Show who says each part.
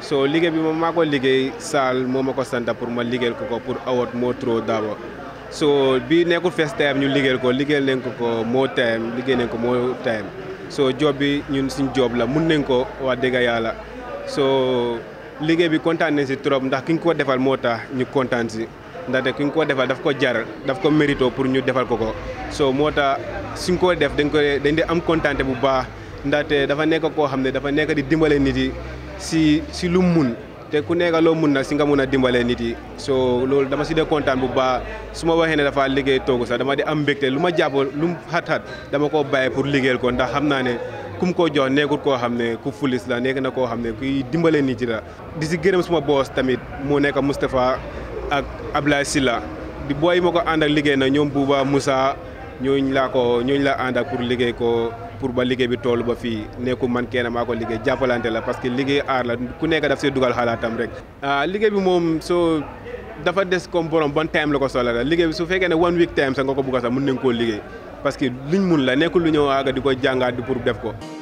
Speaker 1: soo liggéey bi moom maa ko liggéey Saal moom ma ko sant pour ma liggéey ko ko pour award moo trop d'abord soo bi nekkul fees time ñu liggéey ko liggéeyal nañ ko ko moo time liggéey nañ ko moo time soo job bi ñun suñ job la mun nañ ko wax dëgg yàlla soo liggéey bi kontaan si trop ndax ki ñu ko defal moo tax ñu kontaan si ndaxte ki ñu ko defal daf ko jar daf ko mérito pour ñu defal ko ko soo moo tax suñ ko def dañ ko dañ di am kontaante bu baax ndaxte dafa nekk koo xam ne dafa nekk di dimbale nit yi si si lu mu mun te ku nekk loo mun nag si nga mun a dimbalee nit yi soo loolu dama si dee kontaan bu baa su ma waxee ne dafa liggéey toogu sax dama di am mbégte lu ma jàpp lu mu xat-xat dama koo bàyyi pour liggéeyal ko ndax xam naa ne kum ko jox nekkul koo xam ne ku fulis la nekk na koo xam ne kuy dimbalee nit yi di si gërëm suma boos tamit moo nekk Moustapha ak Ablaye Silla di booy ma ko ànd ak liggéey na ñoom Bouba musa ñooñu laa ko ñooñu laa ànd ak pour liggéey ko. pour ba liggéey bi toll ba fi nekku man kenn maa liggéey jàppalante la parce que liggéey aar la ku nekk daf see dugal xalaatam rek ah, liggéey bi moom soo dafa des comme borom ban time la ko soxla la liggéey bi su fekkee ne one week time sax nga ko bugg sax mën nañ liggéey parce que luñ mun la nekkul lu ñëw aaga di ko jàngaat di pour def ko